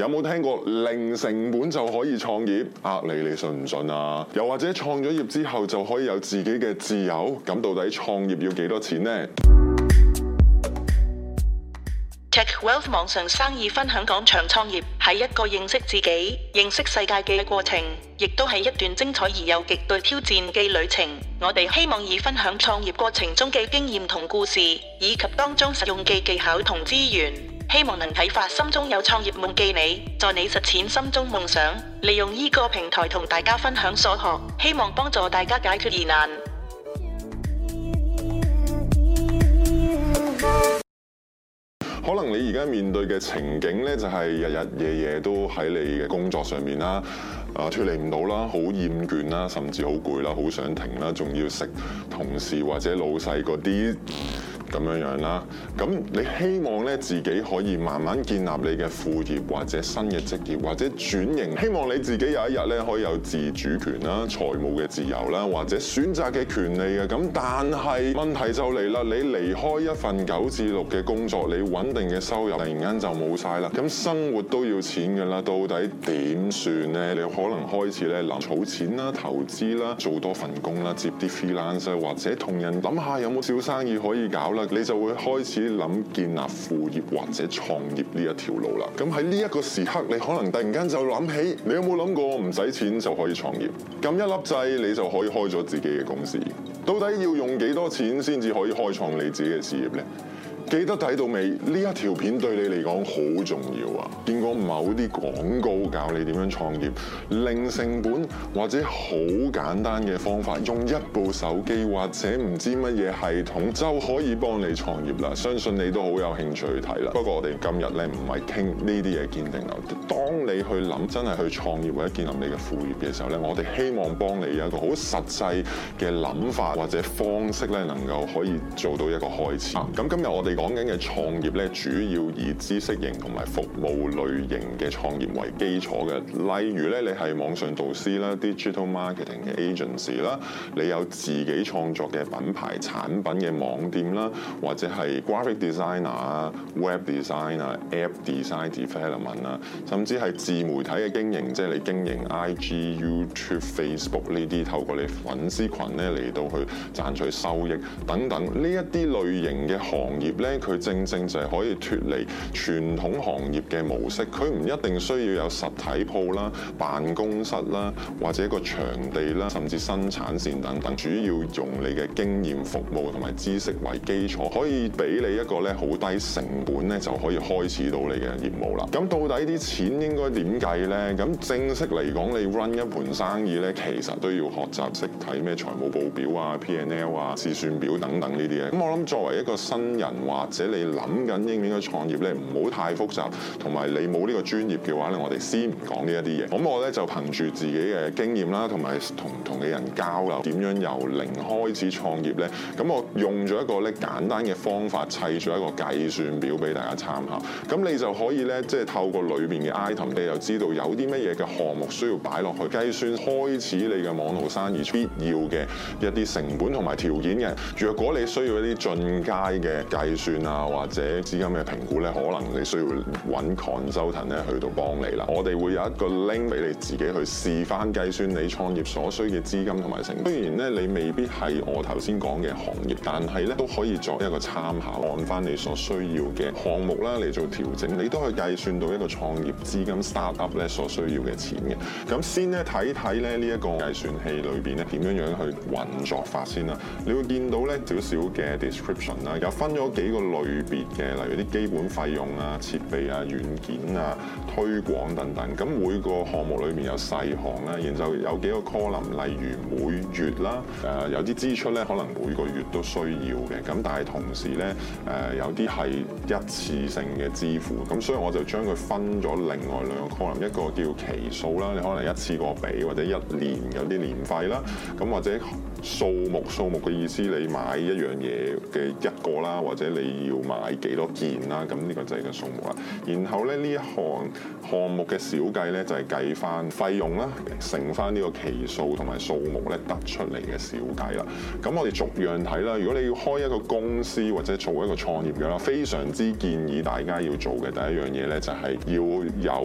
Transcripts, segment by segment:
有冇聽過零成本就可以創業？阿、啊、你你信唔信啊？又或者創咗業之後就可以有自己嘅自由？咁到底創業要幾多錢呢？Tech Wealth 網上生意分享廣場。創業係一個認識自己、認識世界嘅過程，亦都係一段精彩而又極具挑戰嘅旅程。我哋希望以分享創業過程中嘅經驗同故事，以及當中實用嘅技巧同資源。希望能啟發心中有創業夢嘅你，助你實踐心中夢想，利用呢個平台同大家分享所學，希望幫助大家解決疑難。可能你而家面對嘅情景呢，就係日日夜夜都喺你嘅工作上面啦，啊脫離唔到啦，好厭倦啦，甚至好攰啦，好想停啦，仲要食同事或者老細嗰啲。咁樣樣啦，咁你希望咧自己可以慢慢建立你嘅副業或者新嘅職業或者轉型，希望你自己有一日咧可以有自主權啦、財務嘅自由啦，或者選擇嘅權利嘅。咁但係問題就嚟啦，你離開一份九至六嘅工作，你穩定嘅收入突然間就冇晒啦，咁生活都要錢㗎啦，到底點算呢？你可能開始咧諗儲錢啦、投資啦、做多份工啦、接啲 freelance 或者同人諗下有冇小生意可以搞啦。你就會開始諗建立副業或者創業呢一條路啦。咁喺呢一個時刻，你可能突然間就諗起，你有冇諗過唔使錢就可以創業，撳一粒掣，你就可以開咗自己嘅公司。到底要用幾多錢先至可以開創你自己嘅事業咧？記得睇到未呢一條片對你嚟講好重要啊！見過某啲廣告教你點樣創業，零成本或者好簡單嘅方法，用一部手機或者唔知乜嘢系統就可以幫你創業啦。相信你都好有興趣去睇啦。不過我哋今日咧唔係傾呢啲嘢堅定啊。當你去諗真係去創業或者建立你嘅副業嘅時候咧，我哋希望幫你有一個好實際嘅諗法或者方式咧，能夠可以做到一個開始。咁、啊、今日我哋。講緊嘅創業咧，主要以知識型同埋服務類型嘅創業為基礎嘅。例如咧，你係網上導師啦，digital marketing 嘅 agency 啦，你有自己創作嘅品牌產品嘅網店啦，或者係 graphic designer 啊、web designer 啊、app design development 啊，甚至係自媒體嘅經營，即係你經營 IG、YouTube、Facebook 呢啲，透過你粉絲群咧嚟到去賺取收益等等呢一啲類型嘅行業。咧佢正正就係可以脫離傳統行業嘅模式，佢唔一定需要有實體鋪啦、辦公室啦，或者一個場地啦，甚至生產線等等，主要用你嘅經驗、服務同埋知識為基礎，可以俾你一個咧好低成本咧就可以開始到你嘅業務啦。咁到底啲錢應該點計呢？咁正式嚟講，你 run 一盤生意呢，其實都要學習識睇咩財務報表啊、P&L 啊、試算表等等呢啲嘢。咁我諗作為一個新人，或者你諗緊應唔應該創業咧，唔好太複雜，同埋你冇呢個專業嘅話咧，我哋先唔講呢一啲嘢。咁我咧就憑住自己嘅經驗啦，同埋同同嘅人交流，點樣由零開始創業咧？咁我用咗一個咧簡單嘅方法，砌咗一個計算表俾大家參考。咁你就可以咧，即係透過裏邊嘅 item，你又知道有啲乜嘢嘅項目需要擺落去計算，開始你嘅網紅生意必要嘅一啲成本同埋條件嘅。若果你需要一啲進階嘅計算算啊，或者資金嘅評估咧，可能你需要揾 consultant 咧去到幫你啦。我哋會有一個 link 俾你自己去試翻計算你創業所需嘅資金同埋成本。雖然咧你未必係我頭先講嘅行業，但係咧都可以作一個參考，按翻你所需要嘅項目啦嚟做調整。你都可以計算到一個創業資金 start up 咧所需要嘅錢嘅。咁先咧睇睇咧呢一個計算器裏邊咧點樣樣去運作法先啦。你會見到咧少少嘅 description 啦，又分咗幾。呢個類別嘅，例如啲基本費用啊、設備啊、軟件啊、推廣等等。咁每個項目裏面有細項啦，然後有幾個 column，例如每月啦，誒有啲支出咧，可能每個月都需要嘅。咁但係同時咧，誒有啲係一次性嘅支付。咁所以我就將佢分咗另外兩個 column，一個叫期數啦，你可能一次過俾或者一年有啲年費啦，咁或者。數目，數目嘅意思，你買一樣嘢嘅一個啦，或者你要買幾多件啦，咁呢個就係個數目啦。然後咧呢一項項目嘅小計咧，就係、是、計翻費用啦，乘翻呢個期數同埋數目咧，得出嚟嘅小計啦。咁我哋逐樣睇啦。如果你要開一個公司或者做一個創業嘅啦，非常之建議大家要做嘅第一樣嘢咧，就係要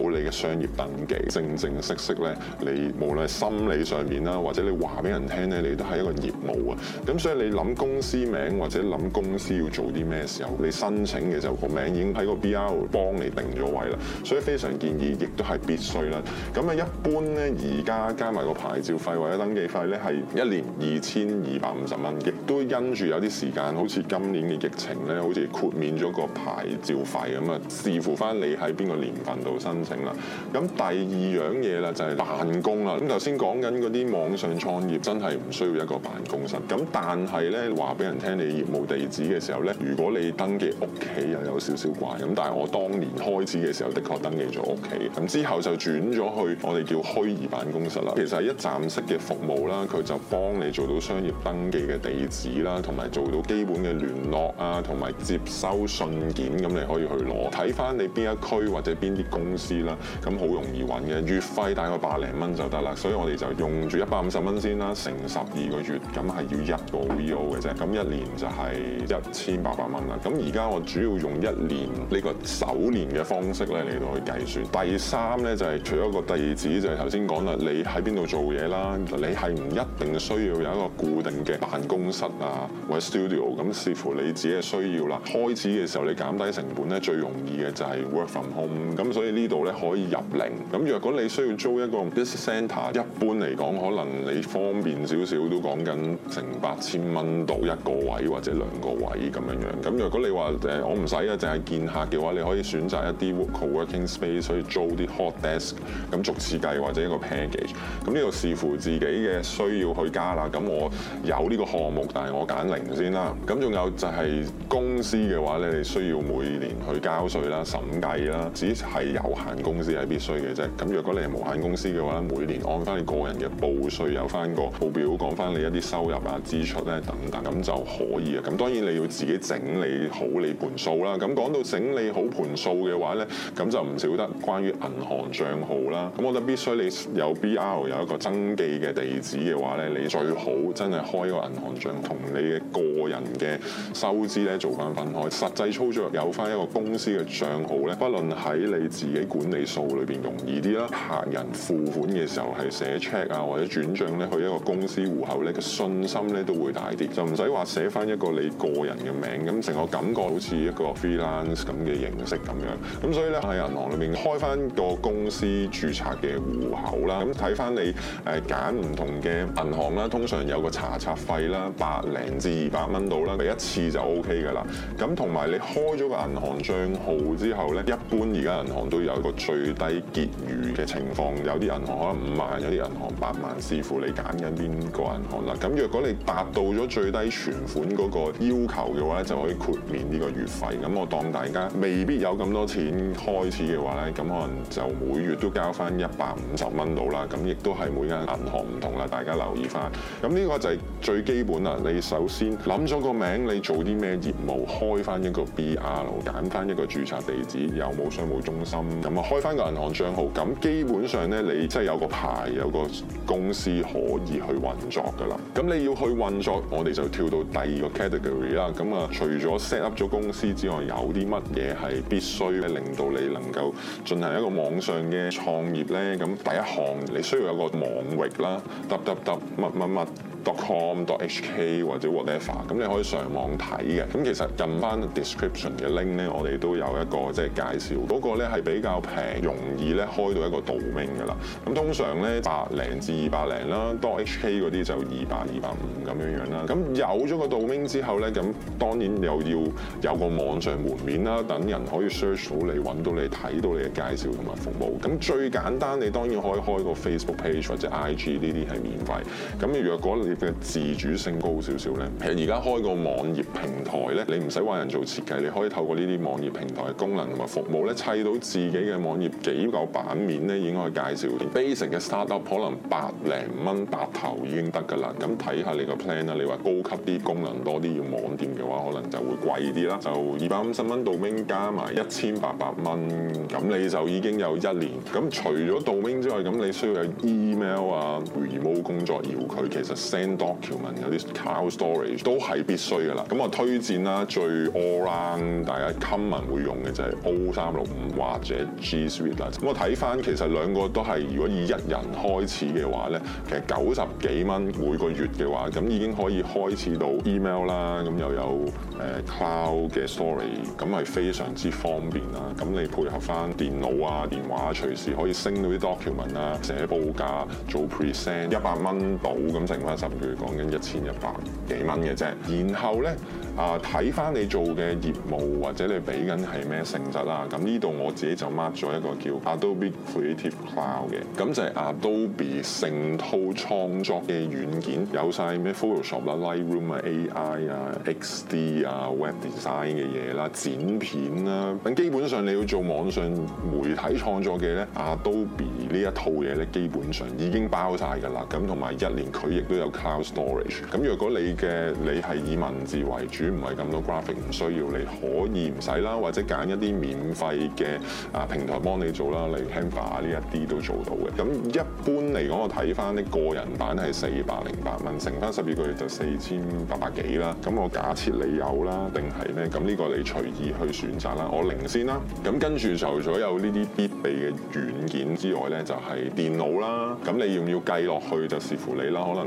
有你嘅商業登記，正正式式咧，你無論係心理上面啦，或者你話俾人聽咧，你都係。個業務啊，咁所以你諗公司名或者諗公司要做啲咩時候，你申請嘅時候個名已經喺個 BR 度幫你定咗位啦，所以非常建議，亦都係必須啦。咁啊，一般咧而家加埋個牌照費或者登記費咧，係一年二千二百五十蚊，亦都因住有啲時間，好似今年嘅疫情咧，好似豁免咗個牌照費咁啊，視乎翻你喺邊個年份度申請啦。咁第二樣嘢啦就係辦公啦。咁頭先講緊嗰啲網上創業真係唔需要一個。辦公室咁，但係咧話俾人聽你業務地址嘅時候咧，如果你登記屋企又有少少怪咁，但係我當年開始嘅時候，的確登記咗屋企，咁之後就轉咗去我哋叫虛擬辦公室啦。其實一站式嘅服務啦，佢就幫你做到商業登記嘅地址啦，同埋做到基本嘅聯絡啊，同埋接收信件咁，你可以去攞睇翻你邊一區或者邊啲公司啦，咁好容易揾嘅，月費大概百零蚊就得啦，所以我哋就用住一百五十蚊先啦，成十二個月。月咁係要一個 VO 嘅啫，咁一年就係一千八百蚊啦。咁而家我主要用一年呢個首年嘅方式咧嚟到去計算。第三咧就係除咗個地址就係頭先講啦，你喺邊度做嘢啦，你係唔一定需要有一個固定嘅辦公室啊或者 studio，咁視乎你自己嘅需要啦。開始嘅時候你減低成本咧，最容易嘅就係 work from home，咁所以呢度咧可以入零。咁若果你需要租一個 business centre，一般嚟講可能你方便少少都講。揾緊成八千蚊到一個位或者兩個位咁樣樣，咁若果你話我唔使啊，淨係見客嘅話，你可以選擇一啲 coworking space，所以租啲 hot desk，咁逐次計或者一個 package，咁呢個視乎自己嘅需要去加啦。咁我有呢個項目，但係我揀零先啦。咁仲有就係公司嘅話咧，你需要每年去交稅啦、審計啦，只係有限公司係必須嘅啫。咁若果你係無限公司嘅話，每年按翻你個人嘅報稅有翻個報表講翻你。一啲收入啊、支出咧等等，咁就可以啊。咁當然你要自己整理好你盤數啦。咁講到整理好盤數嘅話咧，咁就唔少得關於銀行賬號啦。咁我覺得必須你有 B R 有一個增記嘅地址嘅話咧，你最好真係開個銀行賬同你嘅個人嘅收支咧做翻分開。實際操作有翻一個公司嘅賬號咧，不論喺你自己管理數裏邊容易啲啦。客人付款嘅時候係寫 check 啊，或者轉賬咧去一個公司戶口。你嘅信心咧都會大啲，就唔使話寫翻一個你個人嘅名，咁成個感覺好似一個 freelance 咁嘅形式咁樣。咁所以咧喺銀行裏面開翻個公司註冊嘅戶口啦，咁睇翻你誒揀唔同嘅銀行啦，通常有個查冊費啦，百零至二百蚊到啦，第一次就 O K 㗎啦。咁同埋你開咗個銀行賬號之後咧，一般而家銀行都有一個最低結餘嘅情況，有啲銀行可能五萬，有啲銀行八萬，視乎你揀緊邊個銀行。咁若果你達到咗最低存款嗰個要求嘅話咧，就可以豁免呢個月費。咁我當大家未必有咁多錢開始嘅話咧，咁可能就每月都交翻一百五十蚊到啦。咁亦都係每間銀行唔同啦，大家留意翻。咁呢個就係最基本啦。你首先諗咗個名，你做啲咩業務，開翻一個 BR，揀翻一個註冊地址，有冇商務中心，咁啊開翻個銀行賬號。咁基本上咧，你即係有個牌，有個公司可以去運作。咁你要去運作，我哋就跳到第二個 category 啦。咁啊，除咗 set up 咗公司之外，有啲乜嘢係必須咧，令到你能夠進行一個網上嘅創業咧？咁第一項，你需要有個網域啦，揼揼揼，乜乜乜。dot.com、dot.hk 或者 whatever，咁你可以上網睇嘅。咁其實近翻 description 嘅 link 咧，我哋都有一個即係、就是、介紹。嗰、那個咧係比較平、容易咧開到一個 domain 噶啦。咁通常咧百零至二百零啦，dot.hk 嗰啲就二百二百五咁樣樣啦。咁有咗個 domain 之後咧，咁當然又要有個網上門面啦，等人可以 search 到你、揾到你、睇到你嘅介紹同埋服務。咁最簡單，你當然可以開個 Facebook page 或者 IG 呢啲係免費。咁若果你嘅自主性高少少咧，其實而家開個網頁平台咧，你唔使揾人做設計，你可以透過呢啲網頁平台嘅功能同埋服務咧，砌到自己嘅網頁幾嚿版面咧，應該已經可以介紹。Basic 嘅 startup 可能百零蚊打頭已經得㗎啦，咁睇下你個 plan 啦。你話高級啲功能多啲，要網店嘅話，可能就會貴啲啦。就二百五十蚊 domain 加埋一千八百蚊，咁你就已經有一年。咁除咗 domain 之外，咁你需要有 email 啊，remote 工作遙距，其實 Document 有啲 cloud storage 都係必須噶啦，咁我推薦啦最 all round 大家 common 會用嘅就係 O 三六五或者 G Suite 啦。咁我睇翻其實兩個都係如果以一人開始嘅話咧，其實九十幾蚊每個月嘅話，咁已經可以開始到 email 啦，咁又有誒 cloud 嘅 storage 咁係非常之方便啦。咁你配合翻電腦啊、電話、啊、隨時可以升到啲 document 啊、寫報價、做 present，一百蚊到咁剩翻十。譬如講緊一千一百幾蚊嘅啫，然後咧啊睇翻你做嘅業務或者你俾緊係咩性質啦，咁呢度我自己就 mark 咗一個叫 Adobe Creative Cloud 嘅，咁就係 Adobe 成套創作嘅軟件，有晒咩 Photoshop 啦、Lightroom 啊、AI 啊、XD 啊、Web Design 嘅嘢啦、剪片啦，咁、啊、基本上你要做網上媒體創作嘅咧，Adobe 呢一套嘢咧基本上已經包晒㗎啦，咁同埋一年佢亦都有。Cloud storage，咁如果你嘅你係以文字為主，唔係咁多 graphic，唔需要，你可以唔使啦，或者揀一啲免費嘅啊平台幫你做啦，例如 Canva 呢一啲都做到嘅。咁一般嚟講，我睇翻啲個人版係四百零八蚊，乘翻十二個月就四千八百幾啦。咁我假設你有啦，定係咩？咁呢個你隨意去選擇啦。我零先啦，咁跟住除咗有呢啲必備嘅軟件之外咧，就係電腦啦。咁你要唔要計落去就視乎你啦，可能。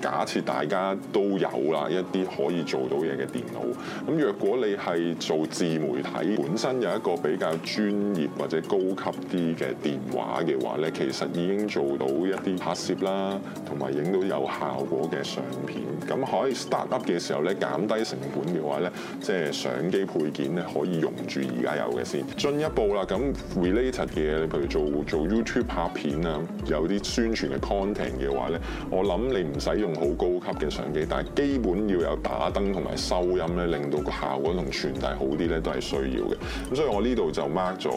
假設大家都有啦，一啲可以做到嘢嘅電腦，咁若果你係做自媒體本身有一個比較專業或者高級啲嘅電話嘅話咧，其實已經做到一啲拍攝啦，同埋影到有效果嘅相片。咁可以 start up 嘅時候咧，減低成本嘅話咧，即係相機配件咧可以用住而家有嘅先。進一步啦，咁 related 嘅你譬如做做 YouTube 拍片啊，有啲宣傳嘅 content 嘅話咧，我諗你唔使。用好高級嘅相機，但係基本要有打燈同埋收音咧，令到個效果同傳遞好啲咧，都係需要嘅。咁所以我呢度就 mark 咗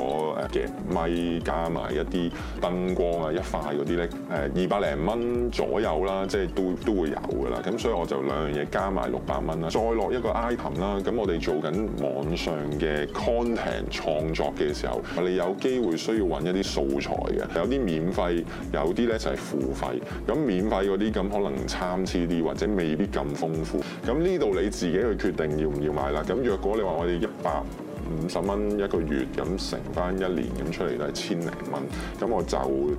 誒咪加埋一啲燈光啊，一塊嗰啲咧二百零蚊左右啦，即係都都會有㗎啦。咁所以我就兩樣嘢加埋六百蚊啦，再落一個 item 啦。咁我哋做緊網上嘅 content 創作嘅時候，我哋有機會需要揾一啲素材嘅，有啲免費，有啲咧就係付費。咁免費嗰啲咁可能。參差啲，或者未必咁豐富。咁呢度你自己去決定要唔要買啦。咁若果你話我哋一百五十蚊一個月咁乘翻一年咁出嚟都係千零蚊，咁我就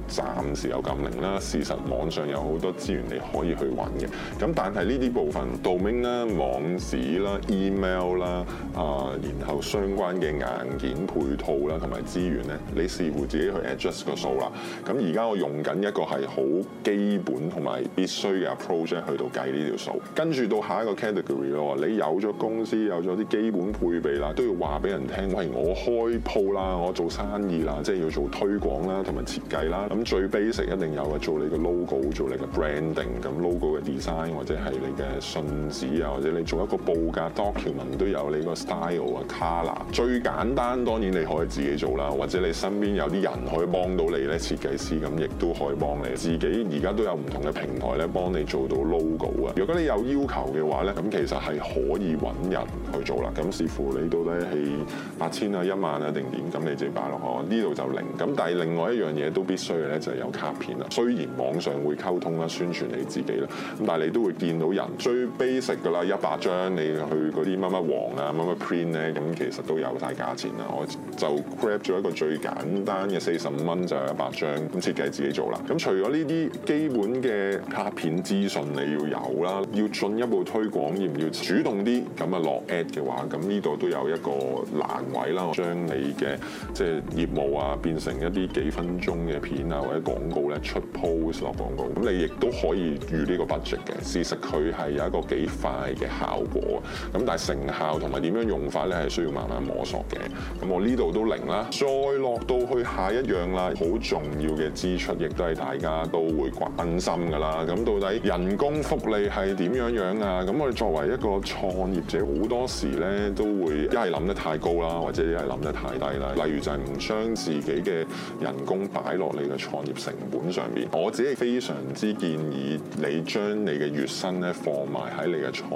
暫時有咁零啦。事實網上有好多資源你可以去揾嘅，咁但係呢啲部分 domain 啦、網址啦、email 啦啊，然後相關嘅硬件配套啦同埋資源咧，你視乎自己去 adjust 個數啦。咁而家我在用緊一個係好基本同埋必須嘅 project 去到計呢條數，跟住到下一個 category 咯。你有咗公司有咗啲基本配備啦，都要話俾人。聽，喂！我開鋪啦，我做生意啦，即係要做推廣啦，同埋設計啦。咁最 basic 一定有嘅，做你嘅 logo，做你嘅 branding。咁 logo 嘅 design 或者係你嘅信紙啊，或者你做一個報價 document 都有你個 style 啊，color。最簡單當然你可以自己做啦，或者你身邊有啲人可以幫到你咧，設計師咁亦都可以幫你。自己而家都有唔同嘅平台咧，幫你做到 logo 啊。如果你有要求嘅話咧，咁其實係可以揾人去做啦。咁視乎你到底係。八千啊，一萬啊，定點咁你自己擺落哦。呢度就零咁，但係另外一樣嘢都必須嘅咧，就係、是、有卡片啦。雖然網上會溝通啦、宣傳你自己啦，咁但係你都會見到人。最 basic 噶啦，一百張你去嗰啲乜乜黃啊、乜乜 print 咧，咁其實都有晒價錢啦。我就 grab 咗一個最簡單嘅四十五蚊，就係一百張咁設計自己做啦。咁除咗呢啲基本嘅卡片資訊你要有啦，要進一步推廣，要唔要主動啲咁啊落 ad 嘅話，咁呢度都有一個。難位啦，將你嘅即係業務啊變成一啲幾分鐘嘅片啊，或者廣告咧，出 post 落廣告，咁你亦都可以預呢個 budget 嘅。事實，佢係有一個幾快嘅效果，咁但係成效同埋點樣用法咧係需要慢慢摸索嘅。咁我呢度都零啦，再落到去下一樣啦，好重要嘅支出亦都係大家都會關心噶啦。咁到底人工福利係點樣樣啊？咁我哋作為一個創業者，好多時咧都會一係諗得太啦，或者你係諗得太低啦。例如就係唔將自己嘅人工擺落你嘅創業成本上面。我自己非常之建議你將你嘅月薪咧放埋喺你嘅創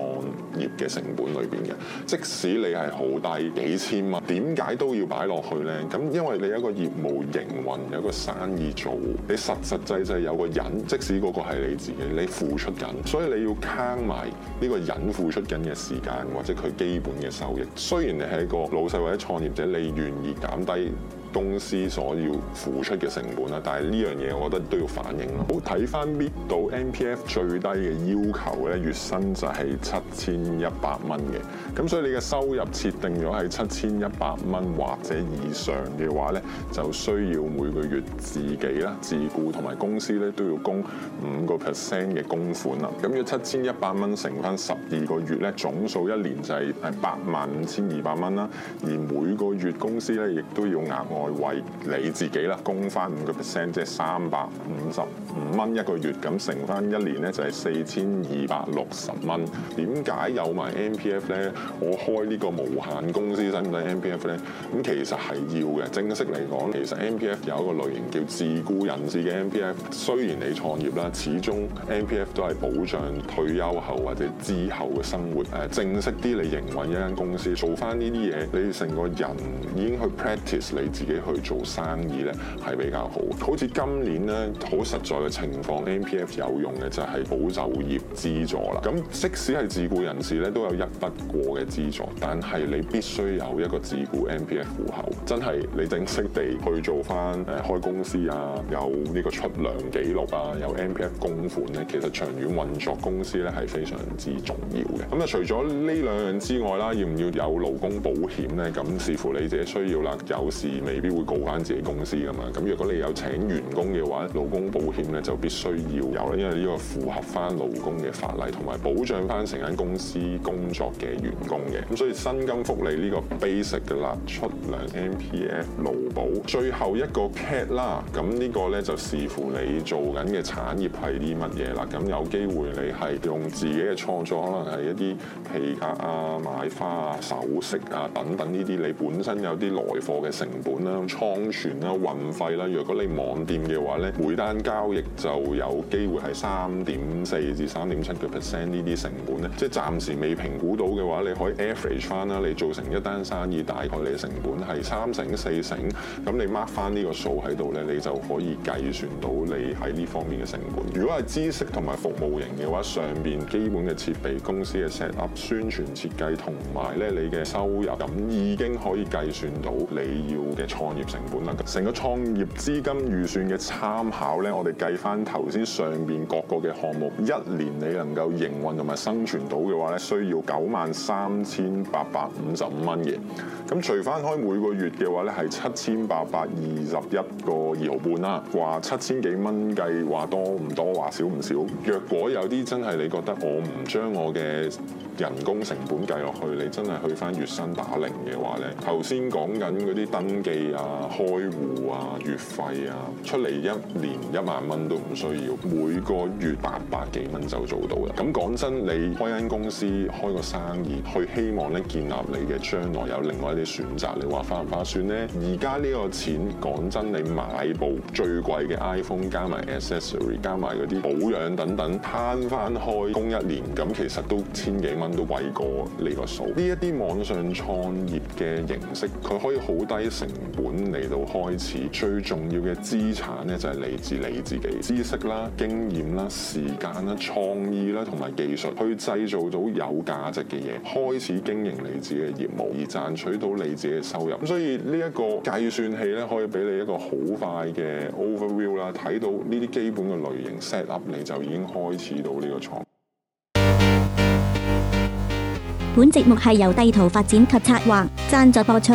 業嘅成本裏邊嘅。即使你係好低幾千蚊，點解都要擺落去咧？咁因為你一個業務營運，有一個生意做，你實實際際有個人，即使嗰個係你自己，你付出緊，所以你要慳埋呢個人付出緊嘅時間，或者佢基本嘅收益。雖然你係一個。老細或者創業者，你願意減低公司所要付出嘅成本啦，但係呢樣嘢我覺得都要反映啦。好睇翻 bit 到 MPF 最低嘅要求咧，月薪就係七千一百蚊嘅。咁所以你嘅收入設定咗係七千一百蚊或者以上嘅話咧，就需要每個月自己啦、自雇同埋公司咧都要供五個 percent 嘅供款啦。咁要七千一百蚊乘翻十二個月咧，總數一年就係八萬五千二百蚊啦。而每個月公司咧亦都要額外。為你自己啦，供翻五個 percent，即係三百五十五蚊一個月，咁乘翻一年咧就係四千二百六十蚊。點解有埋 M P F 咧？我開呢個無限公司使唔使 M P F 咧？咁其實係要嘅。正式嚟講，其實 M P F 有一個類型叫自雇人士嘅 M P F。雖然你創業啦，始終 M P F 都係保障退休後或者之後嘅生活。誒，正式啲你營運一間公司，做翻呢啲嘢，你成個人已經去 practice 你自己。去做生意呢，係比較好。好似今年呢，好實在嘅情況，MPF 有用嘅就係保就業資助啦。咁即使係自雇人士呢，都有一筆過嘅資助，但係你必須有一個自雇 MPF 戶口。真係你正式地去做翻、呃、開公司啊，有呢個出糧記錄啊，有 MPF 供款呢，其實長遠運作公司呢，係非常之重要嘅。咁啊，除咗呢兩樣之外啦，要唔要有勞工保險呢？咁視乎你自己需要啦。有時未。未必會告翻自己公司噶嘛。咁如果你有請員工嘅話，勞工保險咧就必須要有啦，因為呢個符合翻勞工嘅法例同埋保障翻成間公司工作嘅員工嘅。咁所以薪金福利呢個 basic 嘅啦，出糧 M P F 勞保，最後一個 cat 啦。咁呢個咧就視乎你做緊嘅產業係啲乜嘢啦。咁有機會你係用自己嘅創作，可能係一啲皮革啊、買花啊、首飾啊等等呢啲，你本身有啲來貨嘅成本。啦，倉存啦，運費啦，若果你網店嘅話咧，每單交易就有機會係三點四至三點七個 percent 呢啲成本咧，即係暫時未評估到嘅話，你可以 average 翻啦，你做成一單生意大概你嘅成本係三成四成，咁你 mark 翻呢個數喺度咧，你就可以計算到你喺呢方面嘅成本。如果係知識同埋服務型嘅話，上邊基本嘅設備、公司嘅 set up、宣傳設計同埋咧你嘅收入，咁已經可以計算到你要嘅。創業成本啦，成個創業資金預算嘅參考呢，我哋計翻頭先上面各個嘅項目，一年你能夠營運同埋生存到嘅話呢，需要九萬三千八百五十五蚊嘅。咁除翻開每個月嘅話呢，係七千八百二十一個二毫半啦，話七千幾蚊計，話多唔多，話少唔少。若果有啲真係你覺得我唔將我嘅人工成本計落去，你真係去翻月薪打零嘅話呢，頭先講緊嗰啲登記。啊！開戶啊，月費啊，出嚟一年一萬蚊都唔需要，每個月八百幾蚊就做到啦。咁講真，你開間公司、開個生意，去希望咧建立你嘅將來有另外一啲選擇，你話花唔花算呢？而家呢個錢講真，你買部最貴嘅 iPhone 加埋 accessory，加埋嗰啲保養等等，攤翻開工一年，咁其實都千幾蚊都貴過你個數。呢一啲網上創業嘅形式，佢可以好低成。本嚟到開始，最重要嘅資產咧就係嚟自你自己知識啦、經驗啦、時間啦、創意啦同埋技術，去製造到有價值嘅嘢，開始經營你自己嘅業務而賺取到你自己嘅收入。咁所以呢一個計算器咧，可以俾你一個好快嘅 overview 啦，睇到呢啲基本嘅類型 set up，你就已經開始到呢個廠。本節目係由地圖發展及策劃贊助播出。